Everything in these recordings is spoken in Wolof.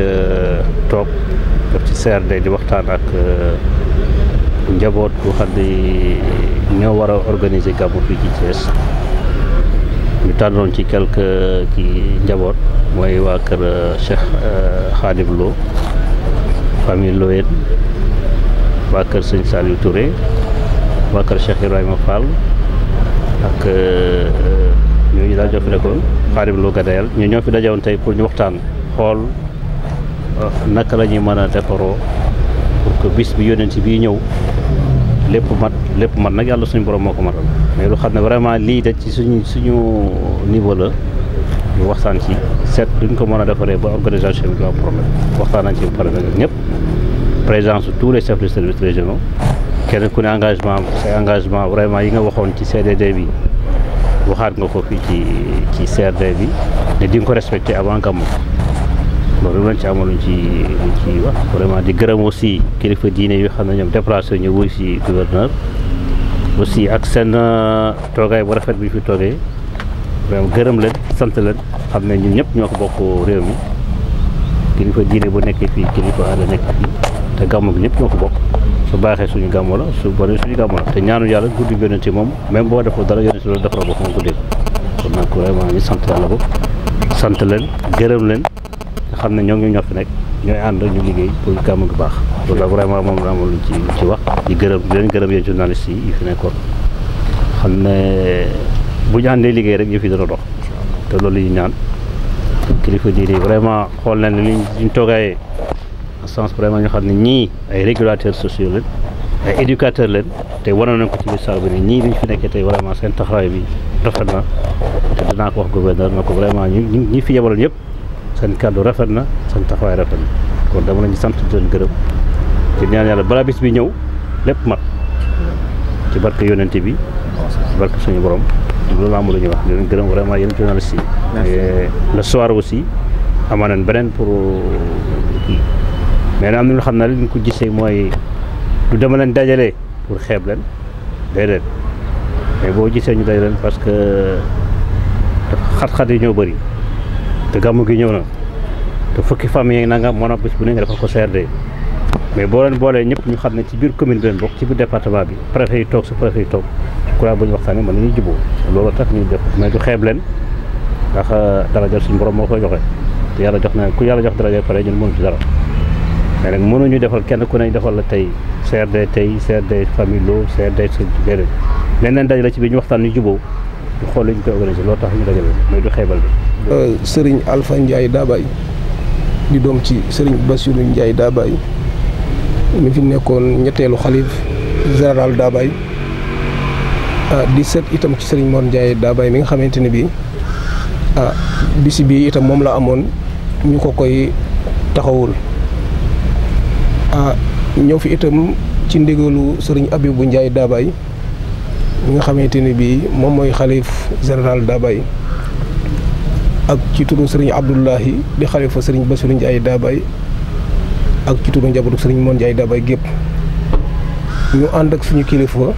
Euh, toog def ci CRD di waxtaan ak euh, njaboot bu xam ni ñoo war a organiser gàmmu fii ci Thiès ñu tànnoon ci quelque ci euh, njaboot mooy waa kër Cheikh Khadim Lo famille Loyen waa kër sëñ Saliou Touré waa kër Cheikh Ibrahima Fall ak ñooñu daal ñoo fi nekkoon Khadim Lo Gadayal ñu ñoo fi dajewoon tey pour ñu waxtaan xool naka la ñuy mën a defaroo pour que bis bi yónent bi ñëw lépp mat lépp mat nag yàlla suñu borom moo ko matal mais lu xam ne vraiment lii da ci suñu suñu niveau la ñu waxtaan ci seet duñ ko mën a defaree ba organisation bi du am problème waxtaan nañ ci pare nag ñëpp présence tous les chefs de service régionaux kenn ku ne engagement say vraiment yi nga waxoon ci CDD bi waxaat nga ko fii ci ci CRD bi ne di ko respecté avant gàmmu loolu lañ ci amoon luñ ci luñ ci wax vraiment di gërëm aussi kilifa diine yoo xam ne ñoom déplacé ñu wuy si gouverneur aussi ak seen euh, toogaay bu rafet bi fi toogee vraiment gërëm leen sant leen xam ne ñu ñëpp ñoo ko bokk réew mi kilifa diine bu nekk fii kilifa aada nekk fii te gàmmu bi ñëpp ñoo ko bokk su baaxee suñu gàmmu la su bonee suñu gàmmu la te ñaanu yàlla guddi yonent moom même boo defoo dara yonent loolu defal ko moom guddee kon nag vraiment ñu sant yàlla ko sant leen gërëm leen xam ne ñoo ngi ñoo fi nekk ñooy ànd ñu liggéey pour gàmmu gi baax loolu vraiment moom la amoon luñ ci ci wax di gërëm di leen gërëm yéen journalistes yi yi fi nekkoon xam ne bu ñu àndee liggéey rek yëf fi dana dox te loolu ñu ñaan kilifa diine vraiment xool nañ ne ñu toogaayee en sens vraiment xam ne ñii ay régulateurs sociaux lañ ay éducateurs lañ te waroon nañ ko ci biir salle ne ñii liñ fi nekkee tey vraiment seen taxawaay bi rafet na te dinaa ko wax gouverneur na ko vraiment ñi ñi fi yebaloon yëpp seen kàddu rafet na seen taxawaay rafet na kon dama leen di sant di leen gërëm ci ñaan yàlla balaa bis bi ñëw lépp mat ci barke yonente bi ci barke suñu borom loolu laa am lu ñuy wax di leen gërëm vraiment yéen journaliste yi la soir aussi amaa nañ beneen pour kii mais am na loo xam ne liñ ko gisee mooy du dama leen dajalee pour xeeb leen déedéet mais boo gisee ñu daj leen parce que xat-xat yi ñoo bëri te gàmmu gi ñëw na te fukki famille yi nangam moo bis bu ne nga defal ko CRD mais boo leen boolee ñëpp ñu xam ne ci biir commune bi leen bokk ci biir département bi préfet yi toog su préfet yi toog kuréel bu ñu waxtaanee mën nañu jubóo loolu tax ñu def mais du xeeb leen ndax euh, daraja suñu borom moo koy joxe te yàlla jox na ku yàlla jox daraja pare ñun mënu ci dara mais nag mënuñu defal kenn ku ne defal la tey CRD tey CRD famille loo CRD sa déedéet leneen daj la ci biir ñu waxtaan ñu jubóo xool lañ koy organisé loolu tax ñu dajale mooy du xeebal bi. Euh, sëriñ Alpha Ndiaye Dabaye di doom ci sëriñ Bassirou Ndiaye Dabaye mu fi nekkoon ñetteelu xalif général Dabaye euh, di seet itam ci sëriñ Mor Ndiaye Dabaye mi nga xamante ne bii ah euh, bisi bii itam moom la amoon ñu ko koy taxawul ah ñëw fi itam ci ndigalu sëriñ Abibou Ndiaye Dabaye. mi nga xamante ni bii moom mooy xalif général Daabay ak ci turu sëriñ Abdoulahi di xalifa sëriñ Bassirou Ndiaye Daabay ak ci turu njabootu sëriñ Moon Ndiaye Daabay gépp ñu ànd ak suñu kilifa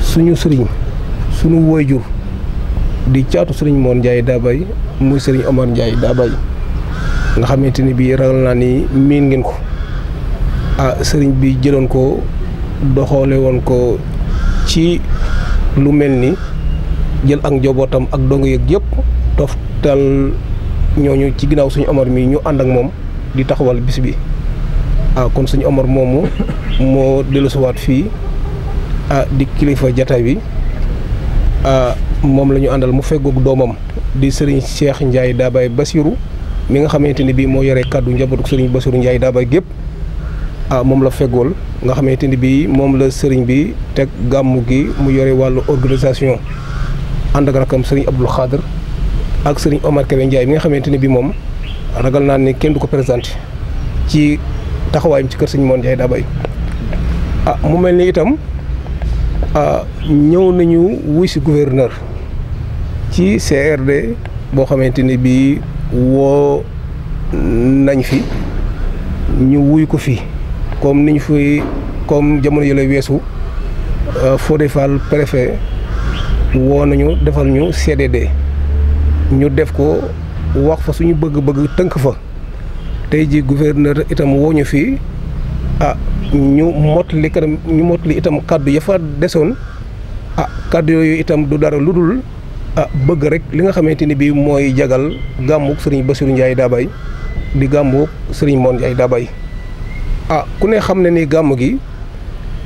suñu sëriñ suñu woyjur di caatu sëriñ Moon Ndiaye Daabay muy sëriñ Omar Ndiaye Daabay nga xamante ni bii ragal naa ni miin ngeen ko ah sëriñ bi jëloon ko doxalee ko ci lu mel ni jël ak njobootam ak doo dongo yépp yëpp toftal ñooñu ci ginnaaw suñu Omar mii ñu ànd ak moom di taxawal bis bi ah kon suñu Omar moomu moo dellusiwaat fii ah di kilifa jataay bi ah, moom lañu àndal mu fegook doomam di sëriñ Cheikh Ndiaye Daabay Basirou mi nga xamante ni bii moo yore kàddu njabootu sëriñ Basirou daa Daabay gépp ah, moom la feggool nga xamante ni bii moom la sëriñ bi teg gàmmu gi mu yore wàllu organisation ànd ak rakam sëriñ Abdul Xaadir ak sëriñ Omar Kébé Ndiaye mi nga xamante ni bii moom ragal naa ne kenn du ko présenté ci taxawaayam ci kër sëriñ Moon Ndiaye daa bay ah, mu mel ni itam ah, ñëw nañu wuy si gouverneur ci CRD boo xamante ni bii woo nañ fi ñu wuy ko fii comme niñ fuy comme jamono yi yële weesu euh, Fodé Fall préfet woo nañu defal ñu CDD ñu def ko wax fa suñu bëgg-bëgg tënk fa tey ji gouverneur itam woo ñu fii a ah, ñu li kanam ñu mottali itam kàddu ya fa desoon ah kàddu yooyu itam du dara lu dul a ah, bëgg rek li nga xamante ni bii mooy jagal gàmmuk sëriñ Bassirou Ndiaye Dabaye di gàmmuk sëriñ Moon Ndiaye Dabaye ah ku ne xam ne ni gàmm gi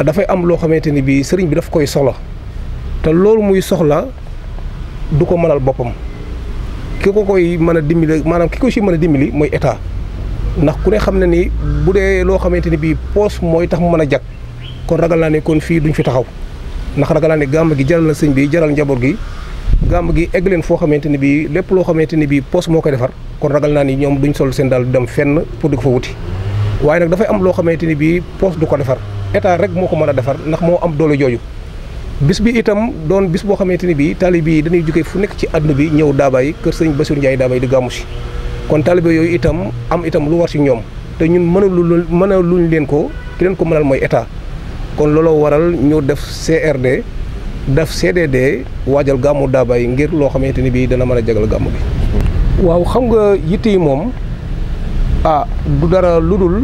dafay am loo xamante ni bii sëriñ bi dafa koy soxla te loolu muy soxla du ko mënal boppam ki ko koy mën a dimbali maanaam ki ko si mën a dimbali mooy état ndax ku ne xam ne ni bu dee loo xamante ni bii poos mooy tax mu mën a jag kon ragal naa ne kon fii duñ fi taxaw ndax ragal naa ne gàmm gi jaral na sëñ bi jaral njaboot gi gàmm gi egg leen foo xamante ni bii lépp loo xamante ni bii poos moo koy defar kon ragal naa ni ñoom duñ sol seen daal dem fenn pour di ko fa waaye nag dafay am loo xamante ni bii poste du ko defar état rek moo ko mën a defar ndax moo am doole jooju bis bi itam doon bis boo xamante ni bii taalibe yi danay jógee fu nekk ci àdduna bi ñëw daabaay kër sëñ Bassirou Ndiaye daabaay di gàmmu si kon taalibe yooyu itam am itam lu war si ñoom te ñun mën a mënaluñ leen ko ki leen ko mënal mooy état kon looloo waral ñu def CRD def CDD waajal gàmmu daabaay ngir loo xamante ni bii dana mën a jagal gàmmu bi. ah du dara lu dul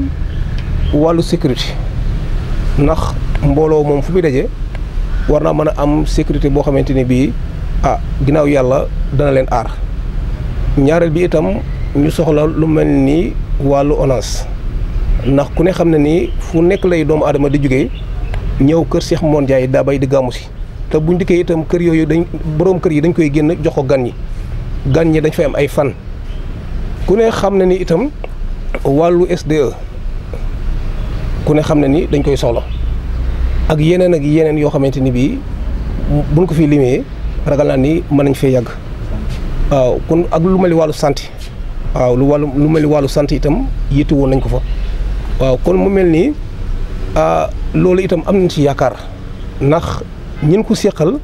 wàllu sécurité ndax mbooloo moom fu muy daje war naa mën a am sécurité boo xamante ni bii ah ginnaaw yàlla dana leen aar ñaareel bi itam ñu soxla lu mel ni wàllu ONAS ndax ku ne xam ne nii fu nekk lay doomu aadama di jóge ñëw kër Cheikh Mon Ndiaye daa bay di gàmmu si te buñ dikkee itam kër yooyu dañ boroom kër yi dañ koy génn jox ko gan ñi gan ñi dañ fay am ay fan ku ne xam ne ni itam wàllu SDE ku ne xam na ni dañ koy soxla ak yeneen ak yeneen yoo xamante ni bii buñ ko fi limee ragal naa ni mën nañ fee yàgg waaw kon ak lu mel ni wàllu santé waaw lu wàllu lu mel ni wàllu santé itam yitte woon nañ ko fa waaw kon mu mel ni loolu itam am nañ ci yaakaar ndax ñin ko séqal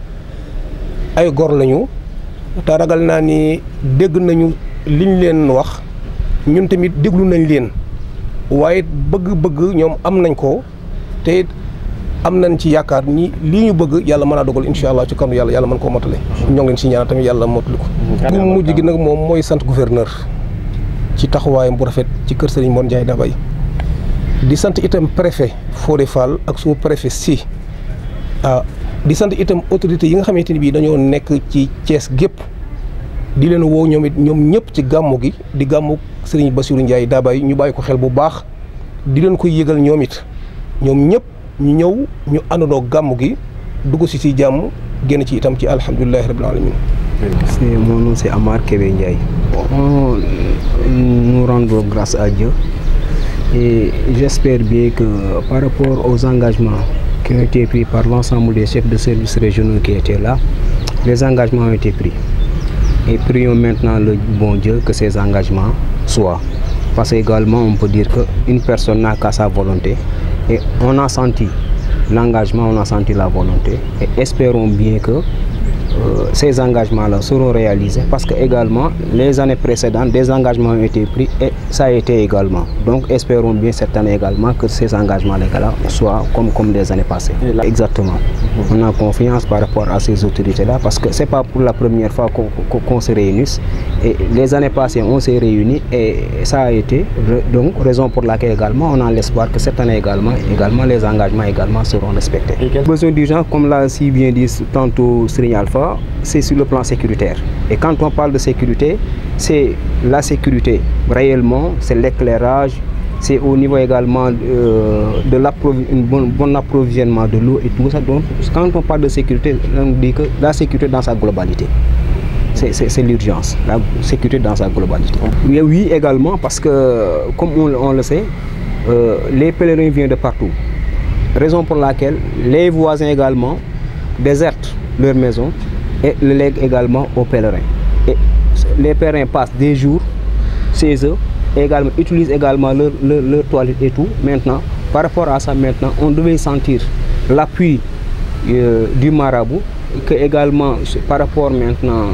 ay gor lañu te ragal naa ni dégg nañu liñ leen wax ñun tamit déglu nañ leen waaye bëgg-bëgg ñoom am nañ ko te am nañ ci yaakaar ni lii ñu bëgg yàlla mën a dogal incha allah ci kanu yàlla yàlla mën koo motale. ñoo ngi si ñaanal tamit yàlla motali ko. bu mujj gi nag moom mooy sant gouverneur. ci taxawaayam bu rafet ci kër Serigne Mor Ndiaye Dabay di sant itam préfet de Fall ak su préfet si ah di sant itam autorités yi nga xamante ni bii dañoo nekk ci Thiès gépp di leen woo ñoom it ñoom ñëpp ci gàmmu gi di gàmmu sëriñ Bassirou Ndiaye Dabaye ñu bàyyi ko xel bu baax di leen koy yëgal ñoom it ñoom ñëpp ñu ñëw ñu àndandoo gàmmu gi dugg si si jàmm génn ci itam ci alhamdulilahi rabbil alamin C'est mon nom c'est Amar Kébé Ndiaye. Bon, nous rendons grâce à Dieu et j'espère bien que par rapport aux engagements qui ont été pris par l'ensemble des chefs de service régionaux qui étaient la les engagements ont été pris. et prions maintenant le bon Dieu que ces engagements soient. Parce qu'également, on peut dire une personne n'a qu'à sa volonté. Et on a senti l'engagement, on a senti la volonté. Et espérons bien que Euh, ces engagements-là seront réalisés parce que également les années précédentes, des engagements ont été pris et ça a été également. Donc espérons bien cette année également que ces engagements-là soient comme, comme années passées. exactement. Mhm. On a confiance par rapport à ces autorités-là parce que ce pas pour la première fois qu'on se réunisse. Et les années passées, on s'est réunis et ça a été donc raison pour laquelle également on a l'espoir que cette fois, c'est sur le plan sécuritaire. Et quand on parle de sécurité, c'est la sécurité réellement, c'est l'éclairage, c'est au niveau également euh, de un bon, bon, approvisionnement de l'eau et tout ça. Donc, quand on parle de sécurité, on dit que la sécurité dans sa globalité. C'est l'urgence, la sécurité dans sa globalité. Oui, oui également, parce que, comme on, le sait, euh, les pèlerins viennent de partout. Raison pour laquelle les voisins également désertent leur maison et le lèguent également aux pèlerins. Et les pèlerins passent des jours chez eux, et également, utilisent également leur, leur, leur toilette et tout. Maintenant, par rapport à ça, maintenant, on devait sentir l'appui euh, du marabout, que également par rapport maintenant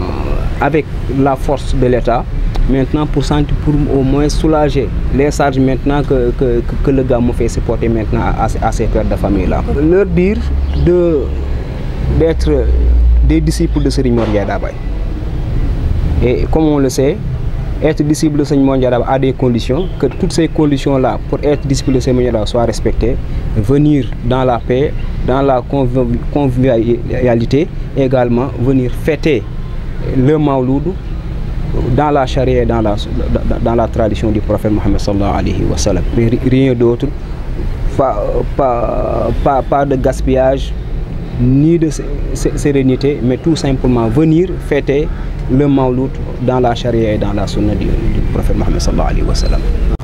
avec la force de l'État, maintenant pour, sentir, pour au moins soulager les charges maintenant que, que, que le gars me fait supporter maintenant à, à ces pères de famille-là. Leur dire d'être des disciples de Serigne Mor Ndiaye Dabaye. Et comme on le sait, être disciple de Serigne Mor Dabaye a des conditions, que toutes ces conditions-là, pour être disciple de Serigne Mor Ndiaye Dabaye, venir dans la paix, dans la convivialité, également venir fêter le Maouloud dans la charia et dans la, dans la tradition du prophète Mohammed sallallahu alayhi wa sallam. Rien d'autre, pas, de gaspiage nii de sérénité, mais tout simplement venir fêter le Mawlud dans la charia et dans la sunna du, du prophète Mohammed sallallahu alayhi wa sallam.